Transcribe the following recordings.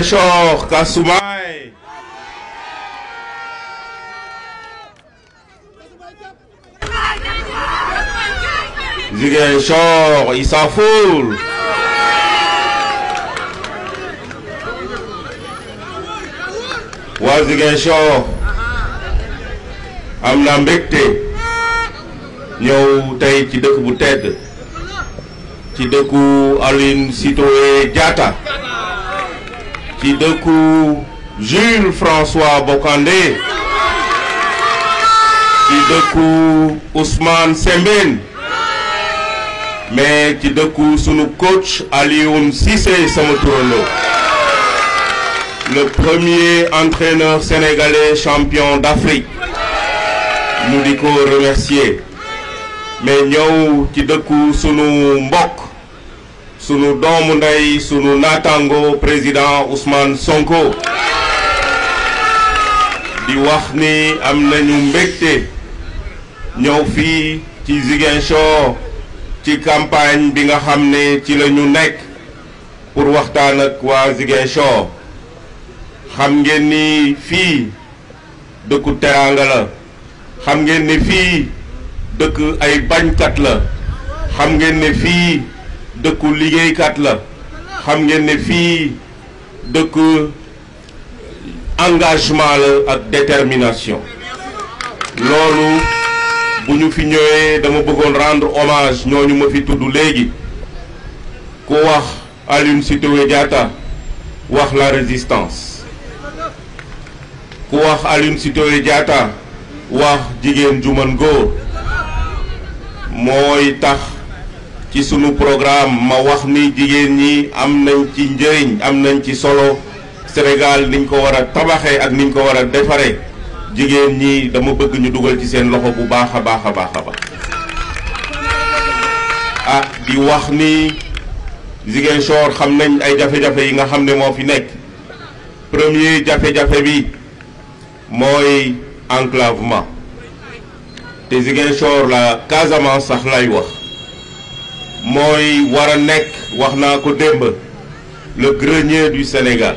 Ziguinchor Kasumay Ziguinchor Issa Foul waa Ziguinchor ci dëkk bu tedd ci dëkku Aline Sitoé Diatta ci dëkku Jules François Bocandé ci dëkku Ousmane Sembène mais ci dëkku sunu coach Alioune Cissé sama turando le premier entraîneur sénégalais champion d'Afrique ñu di ko remercier mais ñëw ci dëkku sunu mbokk sunu doomu ndey sunu naataango président Ousmane Sonko di wax ni am nañu mbégte ñëw fii ci Ziguinchor ci campagne bi nga xam ne ci la ñu nekk pour waxtaan ak waa Ziguinchor xam ngeen ni fii dëkku teraanga la xam ngeen ni fii dëkk ay bañkat la xam ngeen ne fii dëkku liggéeykat la xam ngeen ne fii dëkku engagement la ak détermination loolu bu ñu fi ñëwee dama bëggoon rendre hommage ñooñu ma fi tudd léegi ku wax Aline Sitoé Diatta wax la résistance ku wax Aline Sitoé Diatta wax jigéen ju mën góor mooy tax ci sunu programme ma wax ni jigéen ñi am nañ ci njëriñ am nañ ci solo Sénégal niñ ko war a tabaxee ak niñ ko war a defaree jigéen ñi dama bëgg ñu dugal ci seen loxo bu baax a baax a baax a ah di wax ni Ziguinchor xam nañ ay jafe-jafe yi nga xam ne moo fi nekk premier jafe-jafe bi mooy enclavement te Ziguinchor la Casamance sax lay wax mooy war a nekk wax naa ko démb le grenier du Sénégal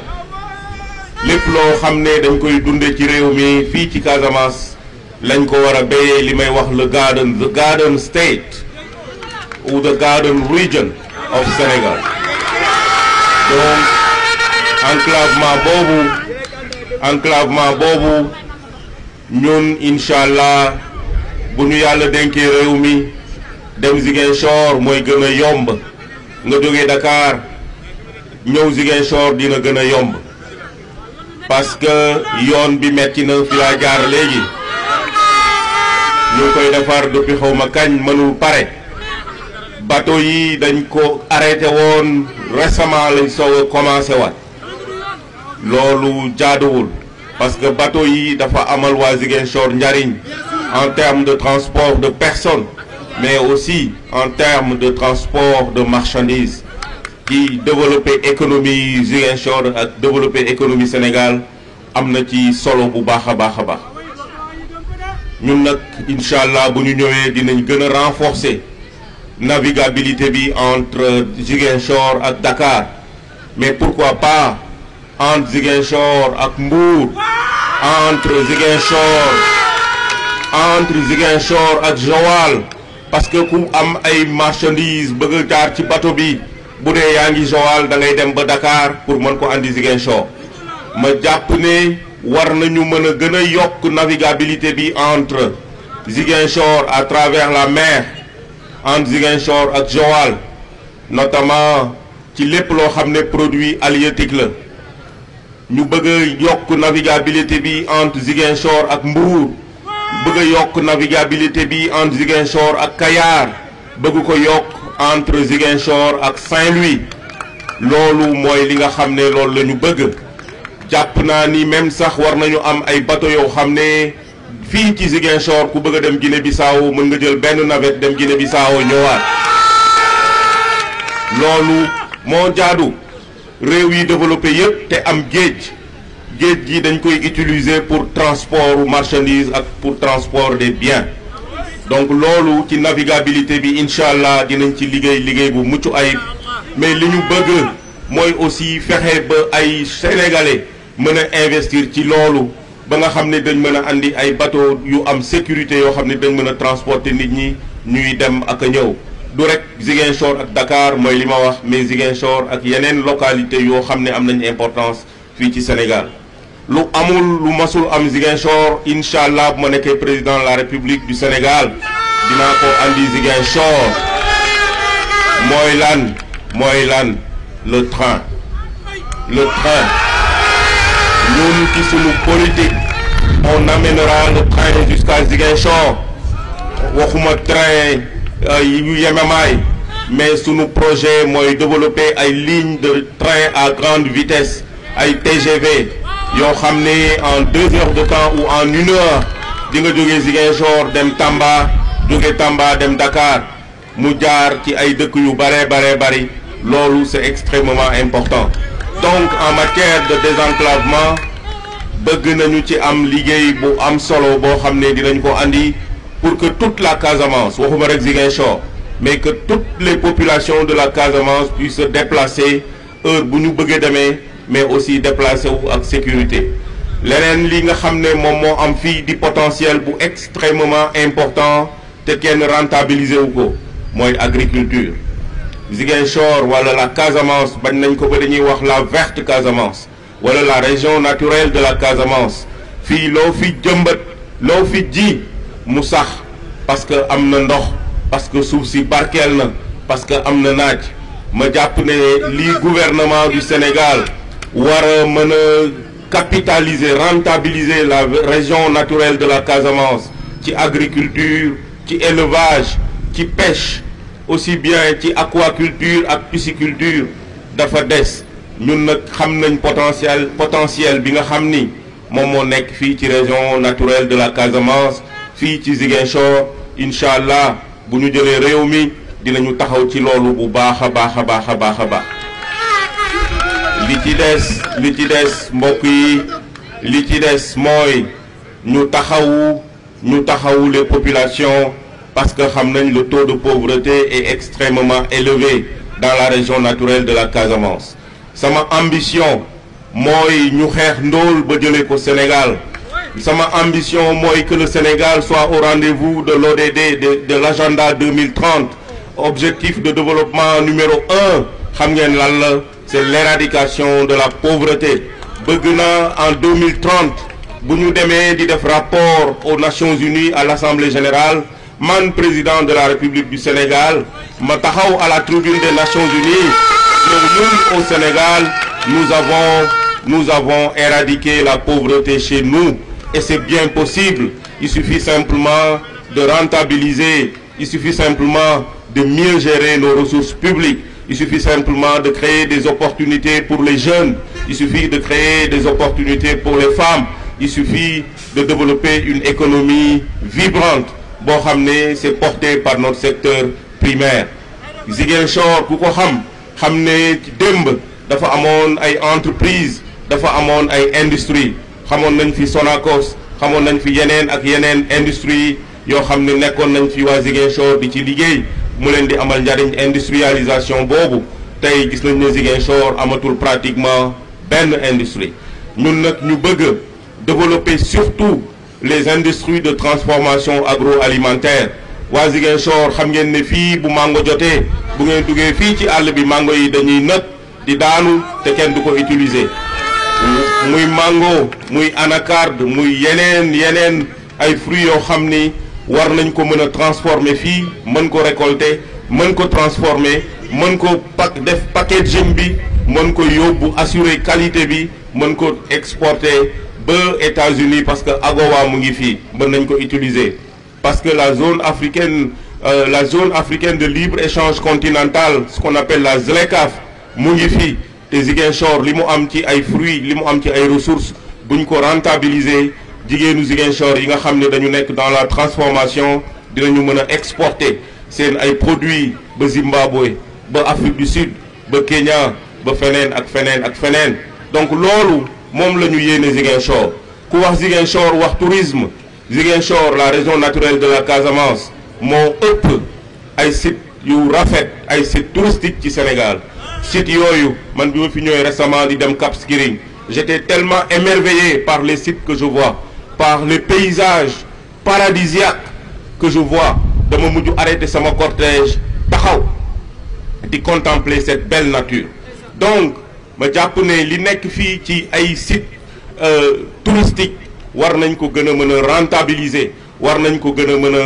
lépp loo xam ne dañ koy dunde ci réew mi fii ci Casamance lañ ko war a béyee li may wax le garden the garden state ou the garden region of Sénégal donc enclavement boobu enclavement boobu ñun incha allah bu ñu yàlla dénkee réew mi dem Ziguinchor mooy gën a yomb nga jóge Dakar ñëw Ziguinchor dina gën a yomb parce que yoon bi metti na fi laa jaar léegi ñu koy defar depuis xaw ma kañ mënul pare bateau yi dañ ko arrêté woon récemment lañ soog a commencé waat loolu jaaduwul parce que bateau yi dafa amal waa Ziguinchor njariñ en termes de transport de personne mais aussi en termes de transport de marchandises qui développer économie Ziguinchor ak développer économie Sénégal am na ci solo bu baax a baax a baax ñun nag incha allah bu ñu ñëwee dinañ gën a renforcer navigabilité bi entre Ziguinchor ak Dakar mais pourquoi pas entre Ziguinchor ak Mbour entre Ziguinchor entre Ziguinchor ak Joal parce que ku am ay marchandises bëgg jaar ci bateau bi bu dee yaa ngi Joal da ngay dem ba dakaar pour mën ko andi Ziguinchor ma jàpp ne war nañu mën a gën a yokk navigabilité bi entre Ziguinchor à travers la mer entre Ziguinchor ak Joal notamment ci lépp loo xam ne produit halieutique la ñu bëgg a yokk navigabilité bi entre Ziguinchor ak Mbour bëgg a yokk navigabilité bi entre Ziguinchor ak Kayar bëgg ko yokk entre Ziguinchor ak Saint-Louis loolu mooy li nga xam ne loolu la ñu bëgg jàpp naa ni même sax war nañu am ay bateau yoo xam ne fii ci Ziguinchor ku bëgg a dem bi saawo mën nga jël benn navette dem Guinée-Bissau ñëwaat loolu moo jaadu réew yi développé yépp te am géej géej gi dañ koy utiliser pour transport marchandise ak pour transport des biens donc loolu ci navigabilité bi incha allah dinañ ci liggéey liggéey bu mucc ayib mais li ñu bëgg mooy aussi fexe ba ay sénégalais mën a investir ci loolu ba nga xam ne dañ mën a indi ay bateau yu am sécurité yoo xam ne dañ mën a transporter nit ñi ñuy dem ak ñëw du rek Ziguinchor ak Dakar mooy li ma wax mais Ziguinchor ak yeneen localité yoo xam ne am nañ importance fii ci Sénégal lu amul lu masul am Ziguinchor incha allah bu ma nekkee président la république du Sénégal dinaa ko andi Ziguinchor mooy lan mooy lan le train le train ñun ci sunu politique on amènera le train jusqu'à Ziguinchor waxuma train euh, yu yemamaay mais sunu projet mooy développer ay lignes de train à grande vitesse ay TGV yoo xam ne en deux heures de temps ou en une heure di nga jógee Ziguinchor dem Tamba jóge Tamba dem Dakar mu jaar ci ay dëkk yu bare bare bari loolu c'est extrêmement important donc en matière de désenclavement bëgg nañu ci am liggéey bu am solo boo xam ne dinañ ko andi pour que toute la Casamance waxuma rek Ziguinchor mais que toutes les population de la Casamance puissent se déplacer heure bu ñu bëggee demee mais aussi déplacé wu ak sécurité leneen li nga xam ne moom moo am fii di potentiel bu extrêmement important te kenn rentabiliser wu ko mooy agriculture Ziguinchor wala la casamence bañ nañ ko ba dañuy wax la verte Casamance wala la région naturelle de la Casamance fii loo fi jëmbat loo fi ji mu sax parce que am na ndox parce que suuf si barkeel na parce que am na naaj ma jàpp ne lii gouvernement du Sénégal war mën a capitaliser rentabiliser la région naturelle de la Casamance ci agriculture ci élevage ci pêche aussi bien ci aquaculture ak pisciculture dafa des ñun nag xam nañ potentiel potentiel bi nga xam ni moom moo nekk fii ci région naturelle de la Casamance fii ci Ziguinchor incha allah bu ñu jëlee réew mi dinañu taxaw ci loolu bu baax a baax a baax a baax a baax. li ci des li ci des mbokk yi li ci des mooy ñu taxawu ñu taxawu les populations parce que xam nañ le taux de pauvreté est extrêmement élevé dans la région naturelle de la Casamance sama ambition mooy ñu xeex ndóol ba jëlee ko Sénégal sama ambition mooy que le Sénégal soit au rendez-vous de l'ODD de de l'agenda 2030 objectif de développement numéro un xam ngeen c'est l'éradication de la pauvreté bëgg na en 2030 bu ñu demee di def rapport aux Nations Unies à l'Assemblée générale man président de la République du Sénégal ma taxaw à la tribune des Nations Unies ñun au Sénégal nous avons nous avons éradiqué la pauvreté chez nous et c'est bien possible il suffit simplement de rentabiliser il suffit simplement de mieux gérer nos ressources publiques Il suffit simplement de créer des opportunités pour les jeunes. Il suffit de créer des opportunités pour les femmes. Il suffit de développer une économie vibrante. boo xam ne c'est porté par notre secteur primaire Ziguinchor ku ko xam xam ne ci démb dafa amoon ay entreprise dafa amoon ay industrie xamoon nañ fi Sonacos xamoon nañ fi yeneen ak yeneen industrie yoo xam ne nekkoon nañ fi waa Ziguinchor di ci liggéey mu leen di amal njariñ industrialisation boobu tey gis nañ ne Ziguinchor amatul pratiquement benn industrie ñun nag ñu bëgg développer surtout les industries de transformation agroalimentaire waa Ziguinchor xam ngeen ne fii bu mango jotee bu ngeen duggee fii ci àll bi mango yi dañuy nëb di daanu te kenn du ko utiliser muy mango muy anacarde muy yeneen yeneen ay fruits yoo xam ni war nañ ko mën a transformer fii mën ko récolter mën ko transformer mën ko pak def packaging bi mën ko yóbbu assurer qualité bi mën ko exporter ba États-Unis parce que AGOA mu ngi fii mën nañ ko utiliser parce que la zone africaine euh, la zone africaine de libre-échange continentale ce qu'on appelle la ZLECAf mu ngi fii te Ziguinchor li mu am ci ay fruits li mu am ci ay ressources buñ ko rentabiliser jigéenu Ziguinchor yi nga xam ne dañu nekk dans la transformation dinañu mën a exporter seen ay produits ba Zimbabwe ba Afrique du Sud ba Kenya ba feneen ak feneen ak feneen donc loolu moom la ñu yéene Ziguinchor ku wax Ziguinchor wax tourisme Ziguinchor la région naturelle de la Casamance moo ëpp ay sites yu rafet ay sites touristiques ci Sénégal sit yooyu man bi ma fi ñëwee récemment di dem Cap Skirring j'étais tellement émerveillé par les sites que je vois par les paysages paradisiaques que je vois dama mujj arrêter sama cortège taxaw di contempler cette belle nature donc ma jàpp ne li nekk fii ci ay sites euh, touristiques war nañ ko gën a mën a rentabiliser war nañ ko gën a mën a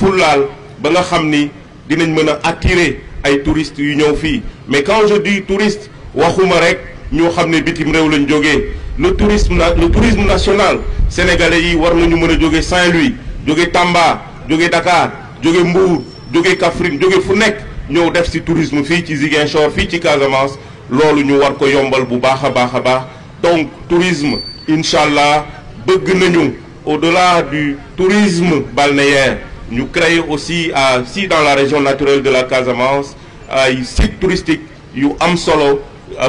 fullaal ba nga xam ni dinañ mën a attirer ay touristes yu ñëw fii mais quand je dis touriste waxuma rek ñoo xam ne bitim réew lañ jógee le tourisme na le tourisme national sénégalais yi war nañu mën a jóge Saint-Louis jóge tàmba jóge Dakar jóge Mbour jóge Kaffrine jóge fu nekk ñëw def ci tourisme fii ci Ziguinchor fii ci Casamance loolu ñu war ko yombal bu baax a baax a baax donc tourisme incha allah bëgg nañu au-delà du tourisme balnéaire ñu créer aussi à si dans la région naturelle de la Casamance ay sites touristiques yu am solo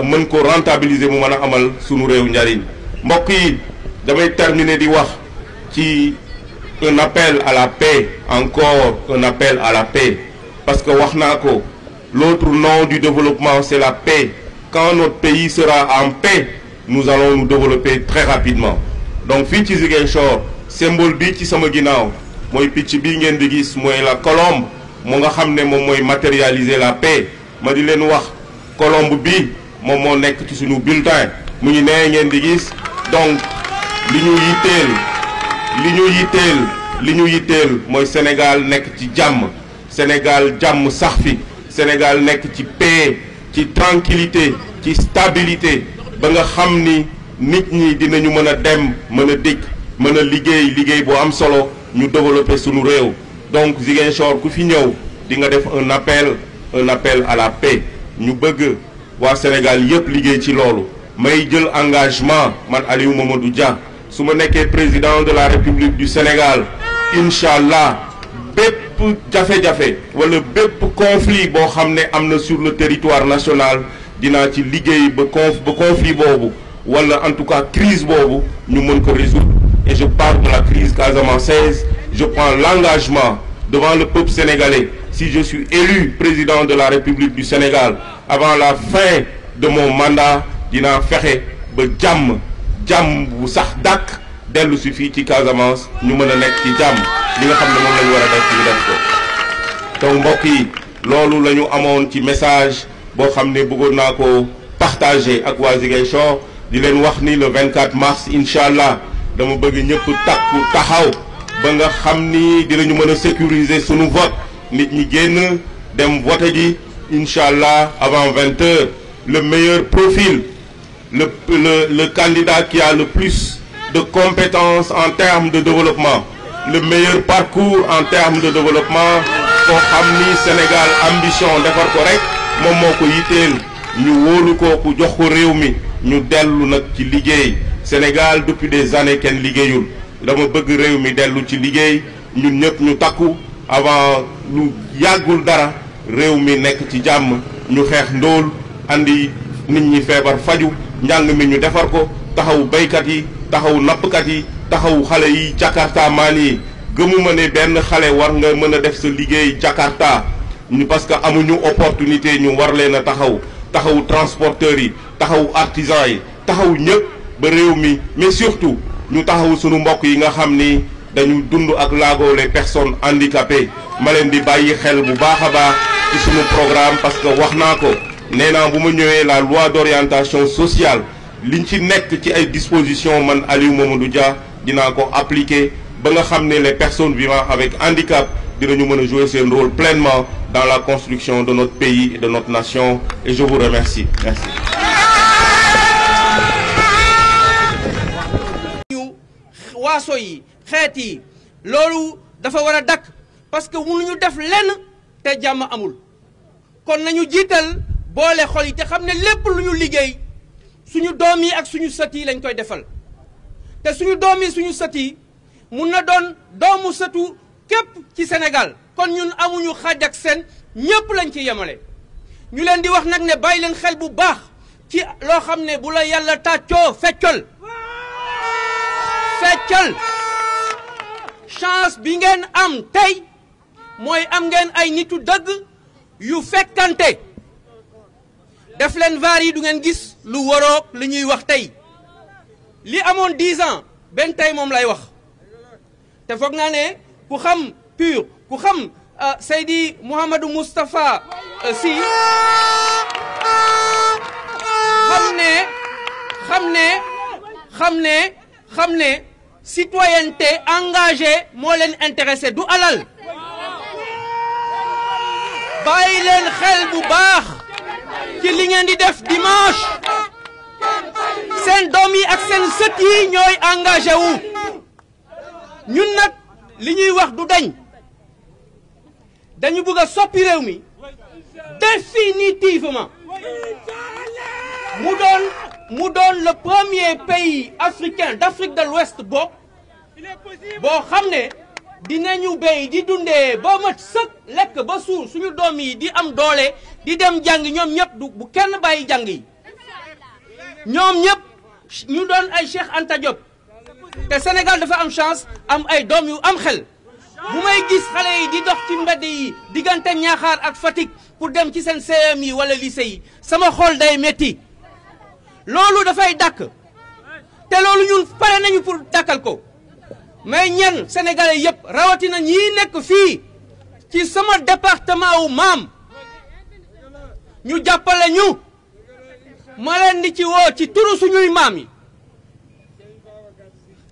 mën ko rentabiliser mu mën a amal sunu réew njariñ mbokk yi damay terminer di wax ci un appel à la paix encore un appel à la paix parce que wax naa ko l'autre nom du développement c'est la paix quand notre pays sera en paix nous allons nous développer très rapidement donc fii ci Ziguinchor symbole bi ci sama ginnaaw mooy picc bii ngeen di gis mooy la colombe mu nga xam ne moom mooy matérialiser la paix ma di leen wax colombe bi moom moo nekk ci suñu bulletin mu ñu nee ngeen di gis donc li ñu yitteel li ñu yitteel li ñu yitteel mooy Sénégal nekk ci jàmm Sénégal jàmm sax fi Sénégal nekk ci paix ci tranquillité ci stabilité ba nga xam ni nit ñi dinañu mën a dem mën a dikk mën a liggéey liggéey bu am solo ñu développer sunu réew donc Ziguinchor ku fi ñëw di nga def un appel un appel à la paix ñu bëgg waa Sénégal yëpp liggéey ci loolu may jël engagement man Aliou du Dia su ma nekkee président de la République du Sénégal incha allah bépp jafe-jafe wala bépp conflit boo xam ne am na sur le territoire national dinaa ci liggéey ba conf ba conflit boobu wala en tout cas crise boobu ñu mën ko résoudre et je parle de la crise casamançaise je prends l'engagement devant le peuple sénégalais si je suis élu président de la République du Sénégal avant la fin de mon mandat dinaa fexe ba jàmm jàmm bu sax dàkk dellu si fii ci Casamance ñu mën a nekk ci jàmm li nga xam ne moom la ñu war a def ñu def ko mbokk yi loolu la ñu amoon ci message boo xam ne bëggoon naa ko partager ak waa Ziguinchor di leen wax ni le 24 mars incha allah dama bëgg ñëpp takku taxaw ba nga xam ni dinañu mën a sécuriser sunu vote nit ñi génn dem vote ji. allah avant 20 heures, le meilleur profil, le, le, le, candidat qui a le plus de compétences en termes de développement, le meilleur parcours en termes de développement, pour amener Sénégal ambition d'effort correct, moom moo ko yitteel ñu wóolu ko ku jox ko réew mi ñu dellu nag ci liggéey Sénégal depuis des années kenn liggéeyul dama bëgg réew mi dellu ci liggéey ñu ñëpp ñu takku avant lu yàggul dara réew mi nekk ci jàmm ñu xeex ndóol andi nit ñi feebar faju njàng mi ñu defar ko taxaw baykat yi taxaw nappkat yi taxawu xale yi jakarta maan yi gëmuma ne benn xale war nga mën a def sa liggéey jakarta ñu parce que amuñu opportunité ñu war leen a taxaw taxaw transporteurs yi taxawu artisans yi taxaw ñëpp ba réew mi mais surtout ñu taxaw sunu mbokk yi nga xam ni dañu dund ak laago les personnes handicapées ma leen di bàyyi xel bu baax a baax programme parce que wax naa ko nee na bu ma ñëwee la loi d'orientation sociale liñ ci nekk ci ay dispositions man Aliou Mamadou Dia dinaa ko appliquer ba nga xam ne les personnes vivant avec handicap ñu mën a jouer seen rôle pleinement dans la construction de notre pays et de not nation et je vous remercie waaso yi xeet yi loolu dafa war a dakk parce que mënuñu def lenn. te jàmm amul kon nañu jiital boole xol yi te xam ne lépp lu ñu liggéey suñu doom yi ak suñu sët yi lañ koy defal te suñu doom yi suñu sëti mun na doon doomu sëtu képp ci senegal kon ñun amuñu xaj ak seen ñépp lañ ci yemale ñu leen di wax nag ne bay leen xel bu baax ci loo xam ne bu la yàlla tàccoo feccal feccal chance bi ngeen am tey mooy am ngeen ay nitu dëgg yu fekkante def leen vaar du ngeen gis lu waroog li ñuy wax tey li amoon dix ans benn tey moom lay wax te foog naa ne ku xam pur ku xam euh, Seydi Mouhamadou Moustapha euh, Sy xam ne xam ne xam ne xam ne citoyenneté engagée moo leen intéressé du alal bàyyi leen xel bu baax ci li ngeen di def dimanche seen doom yi ak seen sët yi ñooy engagé wu nag li ñuy wax du dañ dañu bëgg a soppi réew mi définitivement mu doon mu doon le premier pays africain d'Afrique de l'Ouest boo boo xam ne dina dinañu béy di dundee ba mat sëkk lekk ba suur suñu doom yi di am doole di dem jàng ñoom ñëpp du bu kenn bàyyi jàng yi ñoom ñëpp ñu doon ay Cheikh Anta Diop te Sénégal dafa am chance am ay doom yu am xel bu may gis xale yi di dox ci mbedd yi diggante Ñaaxaar ak Fatick pour dem ci seen CM yi wala lycée yi sama xol day metti loolu dafay dàkk te loolu ñun pare nañu pour dàkkal ko may ñan sénégalais yëpp rawatina ñii nekk fii ci sama département wu maam ñu jàppale ñu ma leen di ci woo ci turu suñuy maam yi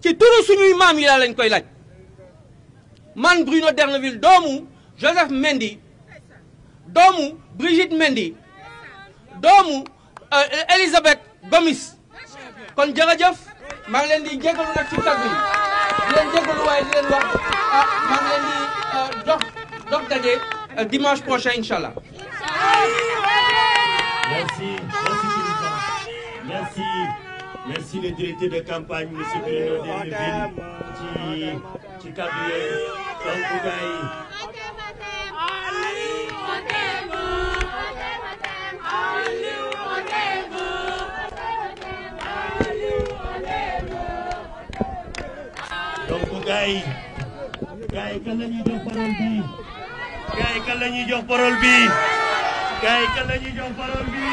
ci turu suñuy maam yi laa lañ koy laaj man Bruno D'erneville doomu Joseph mendi doomu Brigitte Mendy doomu euh, Elisabeth Gomis kon jërëjëf maa ngi leen di jégalu nag ci kàddu di leen jégalu waaye di leen wax ah di dox ah, dox daje ah, dimanche prochain incha merci merci merci merci le directeur de campagne monsieur Bruno Deneville ci ci kàddu yooyu donc gars yi gars yi kan la ñuy jox parole bii gars bii